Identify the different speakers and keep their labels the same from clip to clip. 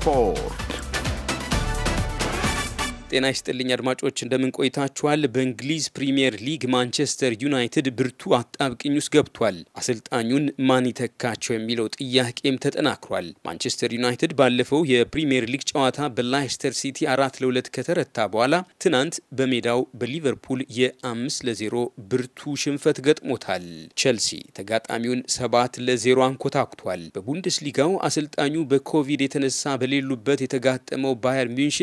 Speaker 1: Four. ጤና ይስጥልኝ አድማጮች፣ እንደምን ቆይታችኋል? በእንግሊዝ ፕሪምየር ሊግ ማንቸስተር ዩናይትድ ብርቱ አጣብቅኝ ውስጥ ገብቷል። አሰልጣኙን ማን ይተካቸው የሚለው ጥያቄም ተጠናክሯል። ማንቸስተር ዩናይትድ ባለፈው የፕሪምየር ሊግ ጨዋታ በላይስተር ሲቲ አራት ለሁለት ከተረታ በኋላ ትናንት በሜዳው በሊቨርፑል የአምስት ለዜሮ ብርቱ ሽንፈት ገጥሞታል። ቼልሲ ተጋጣሚውን ሰባት ለዜሮ አንኮታኩቷል። በቡንደስሊጋው አሰልጣኙ በኮቪድ የተነሳ በሌሉበት የተጋጠመው ባየር ሚንሽን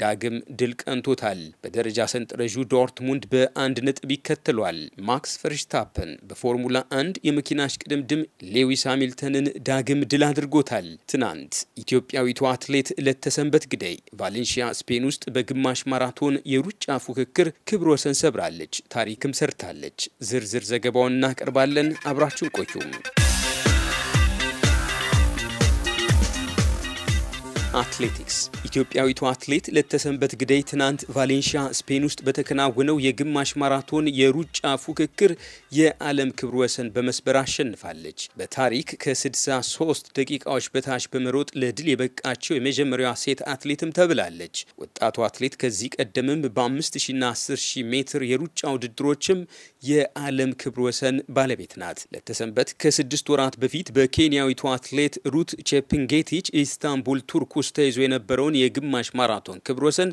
Speaker 1: ዳግም ድል ድል ቀንቶታል። በደረጃ ሰንጠረዡ ዶርትሙንድ በአንድ ነጥብ ይከተሏል። ማክስ ፈርሽታፐን በፎርሙላ አንድ የመኪና እሽቅድምድም ሌዊስ ሃሚልተንን ዳግም ድል አድርጎታል። ትናንት ኢትዮጵያዊቱ አትሌት ለተሰንበት ግደይ ቫሌንሺያ ስፔን ውስጥ በግማሽ ማራቶን የሩጫ ፉክክር ክብረ ወሰን ሰብራለች፣ ታሪክም ሰርታለች። ዝርዝር ዘገባውን እናቀርባለን። አብራችን ቆዩም። አትሌቲክስ ኢትዮጵያዊቱ አትሌት ለተሰንበት ግደይ ትናንት ቫሌንሺያ ስፔን ውስጥ በተከናወነው የግማሽ ማራቶን የሩጫ ፉክክር የዓለም ክብር ወሰን በመስበር አሸንፋለች። በታሪክ ከ63 ደቂቃዎች በታች በመሮጥ ለድል የበቃቸው የመጀመሪያዋ ሴት አትሌትም ተብላለች። ወጣቱ አትሌት ከዚህ ቀደምም በ5000ና 10000 ሜትር የሩጫ ውድድሮችም የዓለም ክብር ወሰን ባለቤት ናት። ለተሰንበት ከስድስት ወራት በፊት በኬንያዊቱ አትሌት ሩት ቼፕንጌቲች ኢስታንቡል ቱርክ ውስጥ ተይዞ የነበረውን የግማሽ ማራቶን ክብረ ወሰን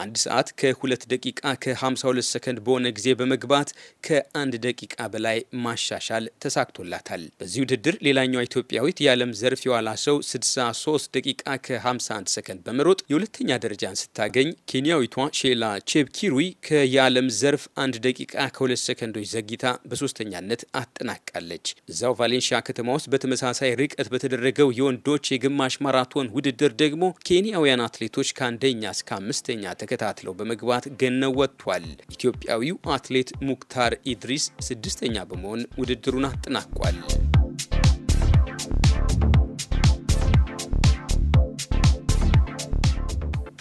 Speaker 1: አንድ ሰዓት ከ2 ደቂቃ ከ52 ሰከንድ በሆነ ጊዜ በመግባት ከአንድ ደቂቃ በላይ ማሻሻል ተሳክቶላታል። በዚህ ውድድር ሌላኛዋ ኢትዮጵያዊት የዓለም ዘርፍ የኋላ ሰው 63 ደቂቃ ከ51 ሰከንድ በመሮጥ የሁለተኛ ደረጃን ስታገኝ፣ ኬንያዊቷ ሼላ ቼፕኪሩይ ከየዓለም ዘርፍ አንድ ደቂቃ ከ2 ሰከንዶች ዘግይታ በሶስተኛነት አጠናቃለች። እዛው ቫሌንሺያ ከተማ ውስጥ በተመሳሳይ ርቀት በተደረገው የወንዶች የግማሽ ማራቶን ውድድር ደግሞ ኬንያውያን አትሌቶች ከአንደኛ እስከ አምስተኛ ተከታትለው በመግባት ገነው ወጥቷል። ኢትዮጵያዊው አትሌት ሙክታር ኢድሪስ ስድስተኛ በመሆን ውድድሩን አጠናቋል።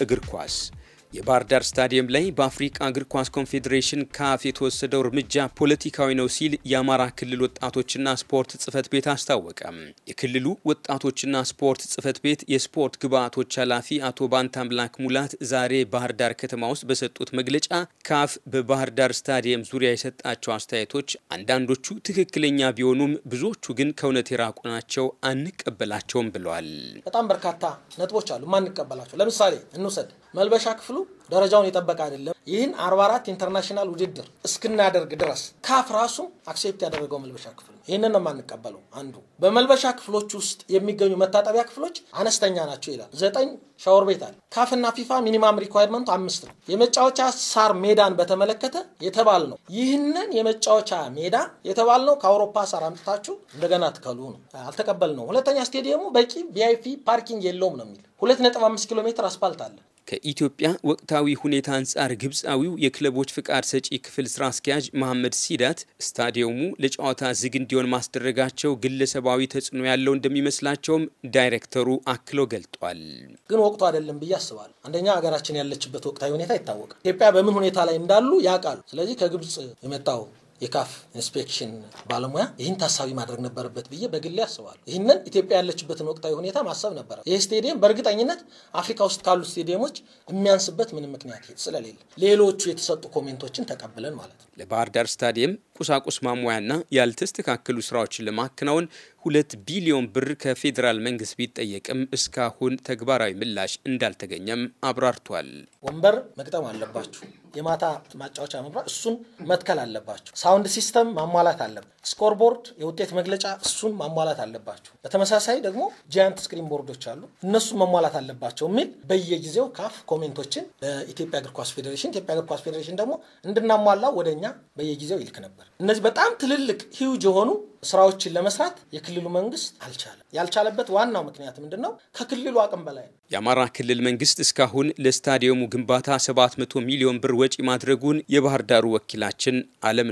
Speaker 1: እግር ኳስ የባህር ዳር ስታዲየም ላይ በአፍሪቃ እግር ኳስ ኮንፌዴሬሽን ካፍ የተወሰደው እርምጃ ፖለቲካዊ ነው ሲል የአማራ ክልል ወጣቶችና ስፖርት ጽህፈት ቤት አስታወቀ። የክልሉ ወጣቶችና ስፖርት ጽህፈት ቤት የስፖርት ግብዓቶች ኃላፊ አቶ ባንታምላክ ሙላት ዛሬ ባህር ዳር ከተማ ውስጥ በሰጡት መግለጫ ካፍ በባህር ዳር ስታዲየም ዙሪያ የሰጣቸው አስተያየቶች አንዳንዶቹ ትክክለኛ ቢሆኑም ብዙዎቹ ግን ከእውነት የራቁ ናቸው፣ አንቀበላቸውም ብለዋል።
Speaker 2: በጣም በርካታ ነጥቦች አሉ ማንቀበላቸው። ለምሳሌ እንውሰድ መልበሻ ክፍሉ ደረጃውን የጠበቀ አይደለም። ይህን 44 ኢንተርናሽናል ውድድር እስክናደርግ ድረስ ካፍ ራሱ አክሴፕት ያደረገው መልበሻ ክፍል ነው። ይህንን ነው የማንቀበለው። አንዱ በመልበሻ ክፍሎች ውስጥ የሚገኙ መታጠቢያ ክፍሎች አነስተኛ ናቸው ይላል። ዘጠኝ ሻወር ቤት አለ። ካፍና ፊፋ ሚኒማም ሪኳይርመንቱ አምስት ነው። የመጫወቻ ሳር ሜዳን በተመለከተ የተባል ነው። ይህንን የመጫወቻ ሜዳ የተባል ነው ከአውሮፓ ሳር አምጥታችሁ እንደገና ትከሉ ነው። አልተቀበል ነው። ሁለተኛ ስቴዲየሙ በቂ ቪአይፒ ፓርኪንግ የለውም ነው የሚል 2.5 ኪሎ ሜትር አስፓልት አለ።
Speaker 1: ከኢትዮጵያ ወቅታዊ ሁኔታ አንጻር ግብፃዊው የክለቦች ፍቃድ ሰጪ ክፍል ስራ አስኪያጅ መሐመድ ሲዳት ስታዲየሙ ለጨዋታ ዝግ እንዲሆን ማስደረጋቸው ግለሰባዊ ተጽዕኖ ያለው እንደሚመስላቸውም ዳይሬክተሩ አክሎ ገልጧል።
Speaker 2: ግን ወቅቱ አይደለም ብዬ አስባለሁ። አንደኛ ሀገራችን ያለችበት ወቅታዊ ሁኔታ ይታወቃል። ኢትዮጵያ በምን ሁኔታ ላይ እንዳሉ ያውቃሉ። ስለዚህ ከግብፅ የመጣው የካፍ ኢንስፔክሽን ባለሙያ ይህን ታሳቢ ማድረግ ነበረበት ብዬ በግሌ አስባለሁ። ይህንን ኢትዮጵያ ያለችበትን ወቅታዊ ሁኔታ ማሰብ ነበረ። ይህ ስቴዲየም በእርግጠኝነት አፍሪካ ውስጥ ካሉ ስቴዲየሞች የሚያንስበት ምንም ምክንያት ስለሌለ ሌሎቹ የተሰጡ ኮሜንቶችን ተቀብለን ማለት ነው።
Speaker 1: ለባህር ዳር ስታዲየም ቁሳቁስ ማሟያና ያልተስተካከሉ ስራዎችን ለማከናወን ሁለት ቢሊዮን ብር ከፌዴራል መንግስት ቢጠየቅም እስካሁን ተግባራዊ ምላሽ እንዳልተገኘም አብራርቷል።
Speaker 2: ወንበር መግጠም አለባችሁ የማታ ማጫወቻ መብራት፣ እሱን መትከል አለባቸው። ሳውንድ ሲስተም ማሟላት አለበት። ስኮርቦርድ፣ የውጤት መግለጫ እሱን ማሟላት አለባቸው። በተመሳሳይ ደግሞ ጂያንት ስክሪን ቦርዶች አሉ፣ እነሱን ማሟላት አለባቸው የሚል በየጊዜው ካፍ ኮሜንቶችን ለኢትዮጵያ እግር ኳስ ፌዴሬሽን፣ ኢትዮጵያ እግር ኳስ ፌዴሬሽን ደግሞ እንድናሟላው ወደ እኛ በየጊዜው ይልክ ነበር። እነዚህ በጣም ትልልቅ ሂውጅ የሆኑ ስራዎችን ለመስራት የክልሉ መንግስት አልቻለም። ያልቻለበት ዋናው ምክንያት ምንድን ነው? ከክልሉ አቅም በላይ ነው።
Speaker 1: የአማራ ክልል መንግስት እስካሁን ለስታዲየሙ ግንባታ 700 ሚሊዮን ብር ወጪ ማድረጉን የባህር ዳሩ ወኪላችን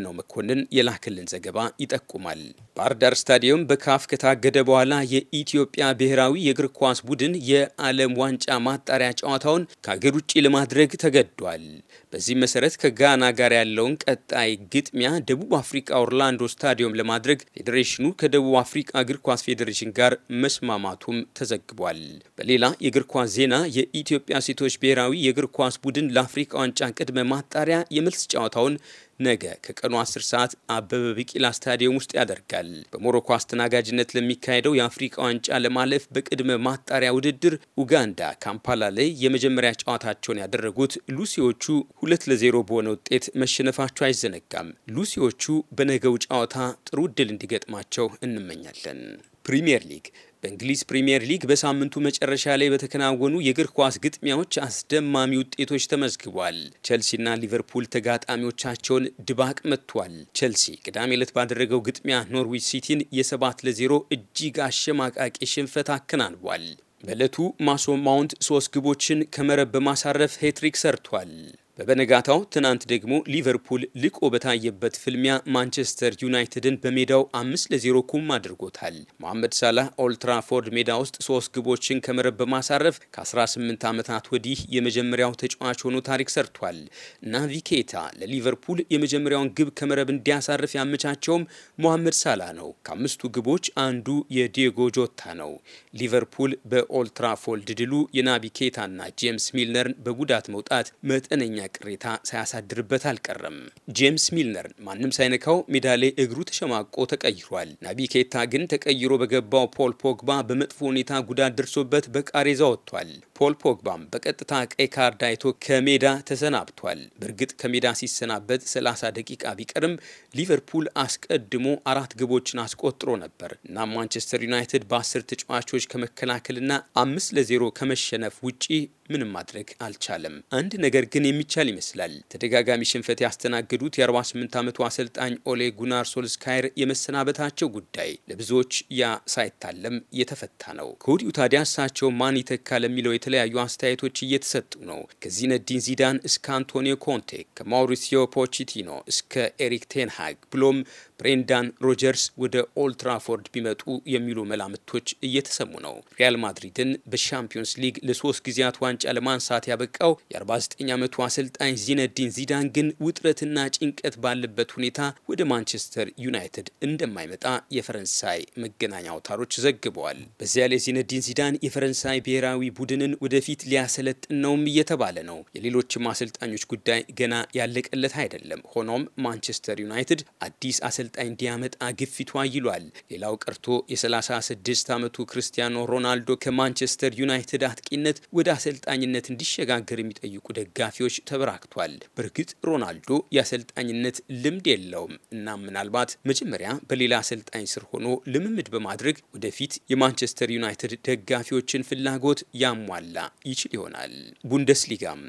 Speaker 1: ነው መኮንን የላክልን ዘገባ ይጠቁማል። ባህር ዳር ስታዲየም በካፍ ከታገደ በኋላ የኢትዮጵያ ብሔራዊ የእግር ኳስ ቡድን የዓለም ዋንጫ ማጣሪያ ጨዋታውን ከአገር ውጭ ለማድረግ ተገዷል። በዚህም መሰረት ከጋና ጋር ያለውን ቀጣይ ግጥሚያ ደቡብ አፍሪካ ኦርላንዶ ስታዲየም ለማድረግ ፌዴሬሽኑ ከደቡብ አፍሪካ እግር ኳስ ፌዴሬሽን ጋር መስማማቱም ተዘግቧል። በሌላ የእግር ኳስ ዜና የኢትዮጵያ ሴቶች ብሔራዊ የእግር ኳስ ቡድን ለአፍሪካ ዋንጫ ቅድመ ማጣሪያ የመልስ ጨዋታውን ነገ ከቀኑ 10 ሰዓት አበበ ቢቂላ ስታዲየም ውስጥ ያደርጋል። በሞሮኮ አስተናጋጅነት ለሚካሄደው የአፍሪካ ዋንጫ ለማለፍ በቅድመ ማጣሪያ ውድድር ኡጋንዳ ካምፓላ ላይ የመጀመሪያ ጨዋታቸውን ያደረጉት ሉሲዎቹ ሁለት ለዜሮ በሆነ ውጤት መሸነፋቸው አይዘነጋም። ሉሲዎቹ በነገው ጨዋታ ጥሩ እድል እንዲገጥማቸው እንመኛለን። ፕሪምየር ሊግ በእንግሊዝ ፕሪምየር ሊግ በሳምንቱ መጨረሻ ላይ በተከናወኑ የእግር ኳስ ግጥሚያዎች አስደማሚ ውጤቶች ተመዝግቧል። ቸልሲና ሊቨርፑል ተጋጣሚዎቻቸውን ድባቅ መጥቷል። ቸልሲ ቅዳሜ ዕለት ባደረገው ግጥሚያ ኖርዊች ሲቲን የሰባት ለዜሮ እጅግ አሸማቃቂ ሽንፈት አከናንቧል። በዕለቱ ማሶ ማውንት ሶስት ግቦችን ከመረብ በማሳረፍ ሄትሪክ ሰርቷል። በበነጋታው ትናንት ደግሞ ሊቨርፑል ልቆ በታየበት ፍልሚያ ማንቸስተር ዩናይትድን በሜዳው አምስት ለዜሮ ኩም አድርጎታል። መሐመድ ሳላህ ኦልትራፎርድ ሜዳ ውስጥ ሶስት ግቦችን ከመረብ በማሳረፍ ከ18 ዓመታት ወዲህ የመጀመሪያው ተጫዋች ሆኖ ታሪክ ሰርቷል። ናቪኬታ ለሊቨርፑል የመጀመሪያውን ግብ ከመረብ እንዲያሳርፍ ያመቻቸውም መሐመድ ሳላህ ነው። ከአምስቱ ግቦች አንዱ የዲዮጎ ጆታ ነው። ሊቨርፑል በኦልትራፎርድ ድሉ የናቢ ጄምስ ሚልነርን በጉዳት መውጣት መጠነኛ ቅሬታ ሳያሳድርበት አልቀረም። ጄምስ ሚልነር ማንም ሳይነካው ሜዳ ላይ እግሩ ተሸማቆ ተቀይሯል። ናቢ ኬታ ግን ተቀይሮ በገባው ፖል ፖግባ በመጥፎ ሁኔታ ጉዳት ደርሶበት በቃሬዛ ወጥቷል። ፖል ፖግባም በቀጥታ ቀይ ካርድ አይቶ ከሜዳ ተሰናብቷል። በእርግጥ ከሜዳ ሲሰናበት 30 ደቂቃ ቢቀርም ሊቨርፑል አስቀድሞ አራት ግቦችን አስቆጥሮ ነበር እና ማንቸስተር ዩናይትድ በ10 ተጫዋቾች ከመከላከልና አምስት ለዜሮ ከመሸነፍ ውጪ ምንም ማድረግ አልቻለም። አንድ ነገር ግን የሚቻል ይመስላል። ተደጋጋሚ ሽንፈት ያስተናገዱት የ48 ዓመቱ አሰልጣኝ ኦሌ ጉናር ሶልስካየር የመሰናበታቸው ጉዳይ ለብዙዎች ያ ሳይታለም የተፈታ ነው። ከወዲሁ ታዲያ እሳቸው ማን ይተካ ለሚለው የተለያዩ አስተያየቶች እየተሰጡ ነው። ከዚነዲን ዚዳን እስከ አንቶኒዮ ኮንቴ፣ ከማውሪሲዮ ፖቺቲኖ እስከ ኤሪክ ቴንሃግ ብሎም ብሬንዳን ሮጀርስ ወደ ኦልትራፎርድ ቢመጡ የሚሉ መላምቶች እየተሰሙ ነው። ሪያል ማድሪድን በሻምፒዮንስ ሊግ ለሶስት ጊዜያት ዋንጫ ለማንሳት ያበቃው የ49 ዓመቱ አሰልጣኝ ዚነዲን ዚዳን ግን ውጥረትና ጭንቀት ባለበት ሁኔታ ወደ ማንቸስተር ዩናይትድ እንደማይመጣ የፈረንሳይ መገናኛ አውታሮች ዘግበዋል። በዚያ ላይ ዚነዲን ዚዳን የፈረንሳይ ብሔራዊ ቡድንን ወደፊት ሊያሰለጥን ነውም እየተባለ ነው። የሌሎችም አሰልጣኞች ጉዳይ ገና ያለቀለት አይደለም። ሆኖም ማንቸስተር ዩናይትድ አዲስ አሰልጣ አሰልጣኝ እንዲያመጣ ግፊቷ ይሏል። ሌላው ቀርቶ የ36 ዓመቱ ክርስቲያኖ ሮናልዶ ከማንቸስተር ዩናይትድ አጥቂነት ወደ አሰልጣኝነት እንዲሸጋገር የሚጠይቁ ደጋፊዎች ተበራክቷል። በእርግጥ ሮናልዶ የአሰልጣኝነት ልምድ የለውም እና ምናልባት መጀመሪያ በሌላ አሰልጣኝ ስር ሆኖ ልምምድ በማድረግ ወደፊት የማንቸስተር ዩናይትድ ደጋፊዎችን ፍላጎት ያሟላ ይችል ይሆናል። ቡንደስሊጋም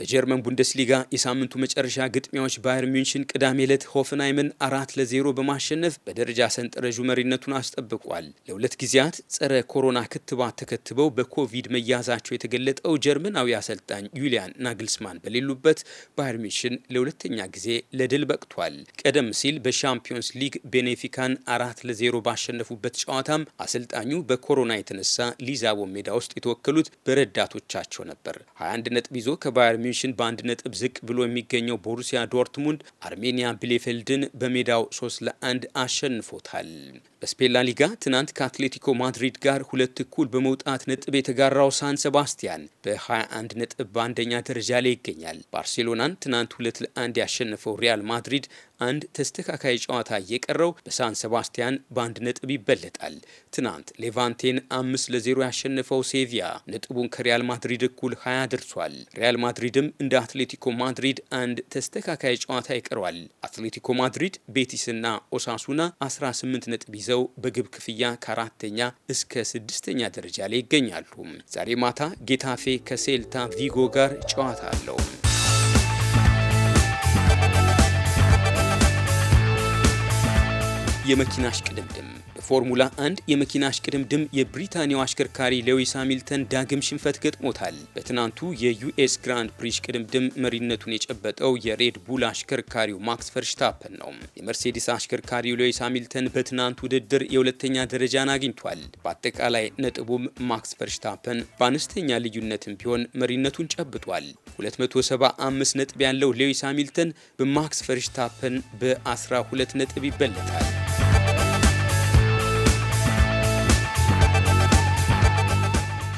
Speaker 1: በጀርመን ቡንደስሊጋ የሳምንቱ መጨረሻ ግጥሚያዎች ባየር ሚንሽን ቅዳሜ ዕለት ሆፍንሃይምን አራት ለዜሮ ለዜሮ በማሸነፍ በደረጃ ሰንጠረዡ መሪነቱን አስጠብቋል። ለሁለት ጊዜያት ጸረ ኮሮና ክትባት ተከትበው በኮቪድ መያዛቸው የተገለጠው ጀርመናዊ አሰልጣኝ ዩሊያን ናግልስማን በሌሉበት ባየር ሚሽን ለሁለተኛ ጊዜ ለድል በቅቷል። ቀደም ሲል በሻምፒዮንስ ሊግ ቤኔፊካን አራት ለዜሮ ባሸነፉበት ጨዋታም አሰልጣኙ በኮሮና የተነሳ ሊዛቦ ሜዳ ውስጥ የተወከሉት በረዳቶቻቸው ነበር። 21 ነጥብ ይዞ ከባየር ሚሽን በአንድ ነጥብ ዝቅ ብሎ የሚገኘው ቦሩሲያ ዶርትሙንድ አርሜኒያ ብሌፌልድን በሜዳው 3 ሶስት ለአንድ አሸንፎታል። በስፔን ሊጋ ትናንት ከአትሌቲኮ ማድሪድ ጋር ሁለት እኩል በመውጣት ነጥብ የተጋራው ሳን ሴባስቲያን በ21 ነጥብ በአንደኛ ደረጃ ላይ ይገኛል። ባርሴሎናን ትናንት ሁለት ለአንድ ያሸነፈው ሪያል ማድሪድ አንድ ተስተካካይ ጨዋታ እየቀረው በሳን ሴባስቲያን በአንድ ነጥብ ይበለጣል። ትናንት ሌቫንቴን አምስት ለዜሮ ያሸነፈው ሴቪያ ነጥቡን ከሪያል ማድሪድ እኩል ሀያ ደርሷል። ሪያል ማድሪድም እንደ አትሌቲኮ ማድሪድ አንድ ተስተካካይ ጨዋታ ይቀረዋል። አትሌቲኮ ማድሪድ ቤቲስና ና ኦሳሱና 18 ነጥብ ይዘው በግብ ክፍያ ከአራተኛ እስከ ስድስተኛ ደረጃ ላይ ይገኛሉ። ዛሬ ማታ ጌታፌ ከሴልታ ቪጎ ጋር ጨዋታ አለው። የመኪና እሽቅድምድም በፎርሙላ አንድ የመኪና አሽቅድምድም የብሪታንያው አሽከርካሪ ሌዊስ ሃሚልተን ዳግም ሽንፈት ገጥሞታል። በትናንቱ የዩኤስ ግራንድ ፕሪ እሽቅድምድም መሪነቱን የጨበጠው የሬድ ቡል አሽከርካሪው ማክስ ፈርሽታፐን ነው። የመርሴዲስ አሽከርካሪው ሌዊስ ሃሚልተን በትናንቱ ውድድር የሁለተኛ ደረጃን አግኝቷል። በአጠቃላይ ነጥቡም ማክስ ፈርሽታፐን በአነስተኛ ልዩነትም ቢሆን መሪነቱን ጨብጧል። 275 ነጥብ ያለው ሌዊስ ሃሚልተን በማክስ ፈርሽታፐን በ12 ነጥብ ይበለጣል።